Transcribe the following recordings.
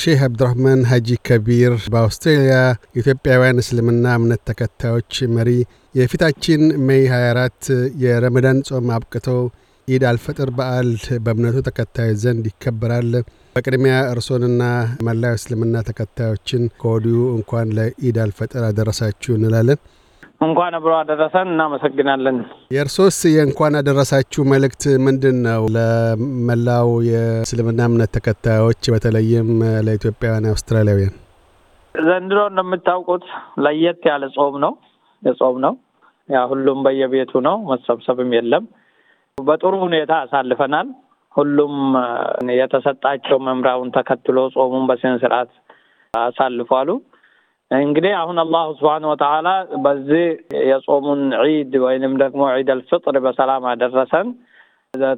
ሼህ አብዱራህማን ሀጂ ከቢር በአውስትሬልያ የኢትዮጵያውያን እስልምና እምነት ተከታዮች መሪ፣ የፊታችን ሜይ 24 የረመዳን ጾም አብቅቶ ኢድ አልፈጥር በዓል በእምነቱ ተከታዮች ዘንድ ይከበራል። በቅድሚያ እርሶንና መላው እስልምና ተከታዮችን ከወዲሁ እንኳን ለኢድ አልፈጥር አደረሳችሁ እንላለን። እንኳን አብሮ አደረሰን። እናመሰግናለን። የእርሶስ የእንኳን አደረሳችሁ መልእክት ምንድን ነው? ለመላው የእስልምና እምነት ተከታዮች በተለይም ለኢትዮጵያውያን አውስትራሊያውያን ዘንድሮ እንደምታውቁት ለየት ያለ ጾም ነው የጾም ነው። ያ ሁሉም በየቤቱ ነው፣ መሰብሰብም የለም። በጥሩ ሁኔታ አሳልፈናል። ሁሉም የተሰጣቸው መምራውን ተከትሎ ጾሙን በስነ ስርዓት አሳልፏሉ። እንግዲህ አሁን አላሁ ስብሓነ ወተዓላ በዚህ የጾሙን ዒድ ወይንም ደግሞ ዒድ አልፍጥር በሰላም አደረሰን።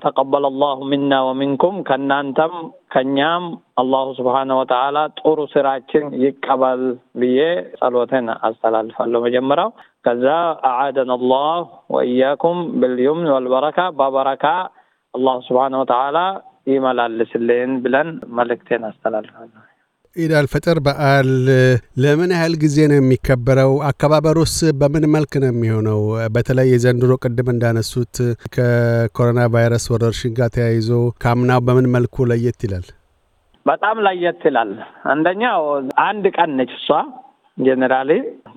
ተቀበለ አላሁ ሚና ወሚንኩም፣ ከእናንተም ከእኛም አላሁ ስብሓነ ወተዓላ ጥሩ ስራችን ይቀበል ብዬ ጸሎቴን አስተላልፋለሁ መጀመሪያው። ከዛ አዓደን አላሁ ወኢያኩም ብልዩምን ወልበረካ፣ በበረካ አላሁ ስብሓነ ወተዓላ ይመላልስልን ብለን መልእክቴን አስተላልፋለሁ። ኢድ አልፈጥር በዓል ለምን ያህል ጊዜ ነው የሚከበረው? አከባበሩስ በምን መልክ ነው የሚሆነው? በተለይ የዘንድሮ ቅድም እንዳነሱት ከኮሮና ቫይረስ ወረርሽኝ ጋር ተያይዞ ከአምናው በምን መልኩ ለየት ይላል? በጣም ለየት ይላል። አንደኛው አንድ ቀን ነች እሷ ጀኔራሊ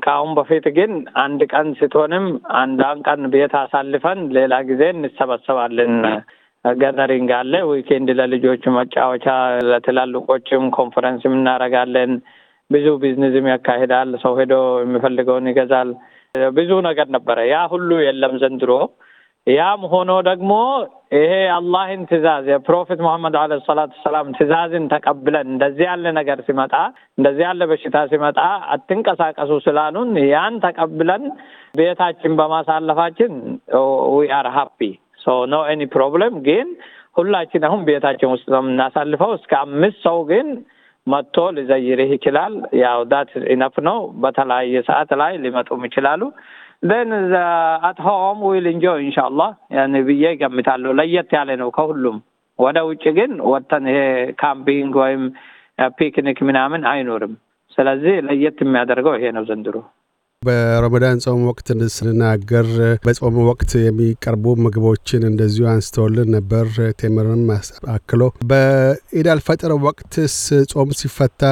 ከአሁን በፊት ግን አንድ ቀን ስትሆንም አንዷን ቀን ቤት አሳልፈን ሌላ ጊዜ እንሰበሰባለን። ጋዘሪንግ አለ። ዊኬንድ ለልጆች መጫወቻ፣ ለትላልቆችም ኮንፈረንስም እናደርጋለን። ብዙ ቢዝነስም ያካሂዳል። ሰው ሄዶ የሚፈልገውን ይገዛል። ብዙ ነገር ነበረ። ያ ሁሉ የለም ዘንድሮ። ያም ሆኖ ደግሞ ይሄ አላህን ትእዛዝ የፕሮፌት መሐመድ አለ ሰላት ሰላም ትእዛዝን ተቀብለን እንደዚህ ያለ ነገር ሲመጣ እንደዚህ ያለ በሽታ ሲመጣ አትንቀሳቀሱ ስላሉን ያን ተቀብለን ቤታችን በማሳለፋችን ዊ አር ሀፒ ኖ ኒ ፕሮብለም ግን ሁላችን አሁን ቤታችን ውስጥ ነው የምናሳልፈው። እስከ አምስት ሰው ግን መጥቶ ሊዘይርህ ይችላል። ያው ዳት ኢነፍ ነው። በተለያየ ሰዓት ላይ ሊመጡም ይችላሉ። ን አትሆም ዊል እንጆ እንሻላ ያን ብዬ ይገምታሉ ለየት ያለ ነው ከሁሉም። ወደ ውጭ ግን ወተን ይሄ ካምፒንግ ወይም ፒክኒክ uh, ምናምን አይኖርም። ስለዚህ ለየት የሚያደርገው ይሄ ነው ዘንድሮ። በረመዳን ጾም ወቅት ስንናገር በጾም ወቅት የሚቀርቡ ምግቦችን እንደዚሁ አንስተውልን ነበር። ቴምርንም አክሎ በኢዳል ፈጥር ወቅትስ ጾም ሲፈታ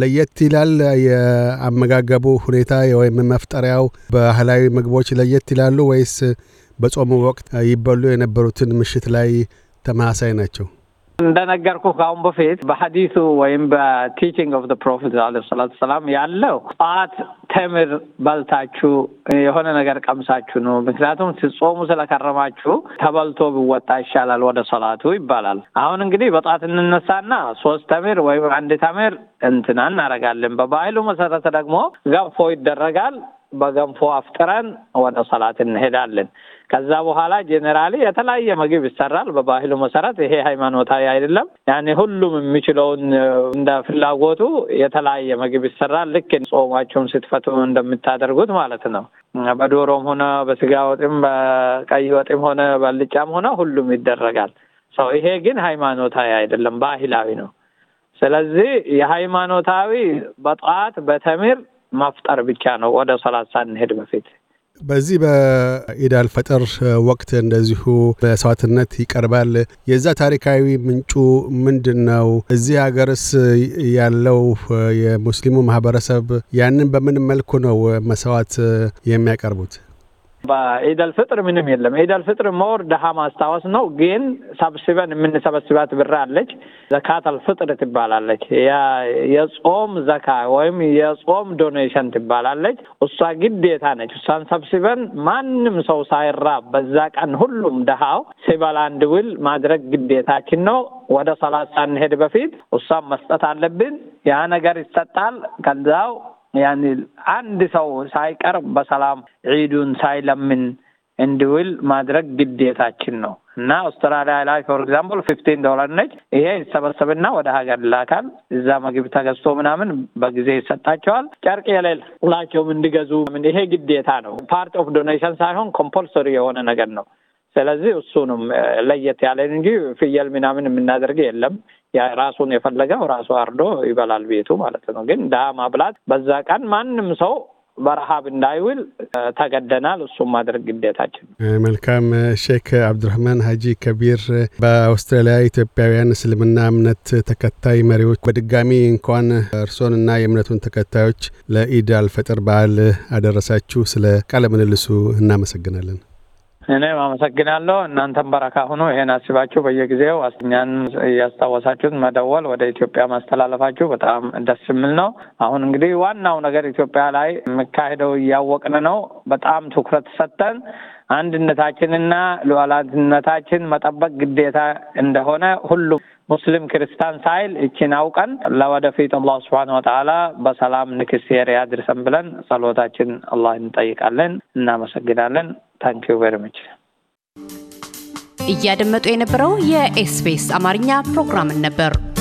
ለየት ይላል። የአመጋገቡ ሁኔታ ወይም መፍጠሪያው ባህላዊ ምግቦች ለየት ይላሉ ወይስ በጾሙ ወቅት ይበሉ የነበሩትን ምሽት ላይ ተመሳሳይ ናቸው? እንደነገርኩ ከአሁን በፊት በሀዲሱ ወይም በቲቺንግ ኦፍ ፕሮፌት ሰላት ሰላም ያለው ጠዋት ተምር በልታችሁ የሆነ ነገር ቀምሳችሁ ነው። ምክንያቱም ስጾሙ ስለከረማችሁ ተበልቶ ብወጣ ይሻላል ወደ ሰላቱ ይባላል። አሁን እንግዲህ በጧት እንነሳና ሶስት ተምር ወይም አንድ ተምር እንትና እናደርጋለን። በባህሉ መሰረተ ደግሞ ገፎ ይደረጋል። በገንፎ አፍጥረን ወደ ሰላት እንሄዳለን። ከዛ በኋላ ጄኔራሊ የተለያየ ምግብ ይሰራል በባህሉ መሰረት። ይሄ ሃይማኖታዊ አይደለም። ያኔ ሁሉም የሚችለውን እንደ ፍላጎቱ የተለያየ ምግብ ይሰራል። ልክ ጾማችሁን ስትፈቱ እንደምታደርጉት ማለት ነው። በዶሮም ሆነ በስጋ ወጥም፣ በቀይ ወጥም ሆነ በልጫም ሆነ ሁሉም ይደረጋል። ሰው ይሄ ግን ሃይማኖታዊ አይደለም፣ ባህላዊ ነው። ስለዚህ የሃይማኖታዊ በጠዋት በተምር ማፍጠር ብቻ ነው። ወደ ሰላሳ እንሄድ በፊት በዚህ በኢዳል ፈጥር ወቅት እንደዚሁ መስዋዕትነት ይቀርባል። የዛ ታሪካዊ ምንጩ ምንድን ነው? እዚህ ሀገርስ ያለው የሙስሊሙ ማህበረሰብ ያንን በምን መልኩ ነው መስዋዕት የሚያቀርቡት? በኢደል ፍጥር ምንም የለም። ኢደል ፍጥር ሞር ድሀ ማስታወስ ነው። ግን ሰብስበን የምንሰበስባት ብር አለች፣ ዘካት ፍጥር ትባላለች። የጾም ዘካ ወይም የጾም ዶኔሽን ትባላለች። እሷ ግዴታ ነች። እሷን ሰብስበን ማንም ሰው ሳይራብ በዛ ቀን ሁሉም ድሀው ሲበላ እንዲውል ማድረግ ግዴታችን ነው። ወደ ሰላት ሳንሄድ በፊት እሷን መስጠት አለብን። ያ ነገር ይሰጣል ከዛው ያኒ አንድ ሰው ሳይቀርብ በሰላም ዒዱን ሳይለምን እንዲውል ማድረግ ግዴታችን ነው እና አውስትራሊያ ላይ ፎር ኤግዛምፕል ፊፍቲን ዶላር ነች። ይሄ ይሰበሰብና ወደ ሀገር ይላካል። እዛ ምግብ ተገዝቶ ምናምን በጊዜ ይሰጣቸዋል። ጨርቅ ሁላቸውም እንዲገዙ ይሄ ግዴታ ነው። ፓርት ኦፍ ዶኔሽን ሳይሆን ኮምፖልሶሪ የሆነ ነገር ነው። ስለዚህ እሱንም ለየት ያለን እንጂ ፍየል ምናምን የምናደርግ የለም። ራሱን የፈለገው ራሱ አርዶ ይበላል ቤቱ ማለት ነው። ግን ዳ ማብላት በዛ ቀን ማንም ሰው በረሃብ እንዳይውል ተገደናል። እሱም ማድረግ ግዴታችን። መልካም ሼክ አብዱራህማን ሀጂ ከቢር፣ በአውስትራሊያ ኢትዮጵያውያን እስልምና እምነት ተከታይ መሪዎች፣ በድጋሚ እንኳን እርሶንና የእምነቱን ተከታዮች ለኢድ አልፈጥር በዓል አደረሳችሁ። ስለ ቃለ ምልልሱ እናመሰግናለን። እኔም አመሰግናለሁ። እናንተም በረካ ሁኑ። ይሄን አስባችሁ በየጊዜው እኛን እያስታወሳችሁት መደወል ወደ ኢትዮጵያ ማስተላለፋችሁ በጣም ደስ የሚል ነው። አሁን እንግዲህ ዋናው ነገር ኢትዮጵያ ላይ የሚካሄደው እያወቅን ነው። በጣም ትኩረት ሰጠን አንድነታችንና ሉዓላዊነታችን መጠበቅ ግዴታ እንደሆነ ሁሉም ሙስሊም ክርስቲያን ሳይል እችን አውቀን ለወደፊት አላህ ስብሐነሁ ወተዓላ በሰላም ንክስር ያድርሰን ብለን ጸሎታችን አላህ እንጠይቃለን። እናመሰግናለን። ታንኪዩ ቬሪ እያደመጡ የነበረው የኤስቢኤስ አማርኛ ፕሮግራምን ነበር።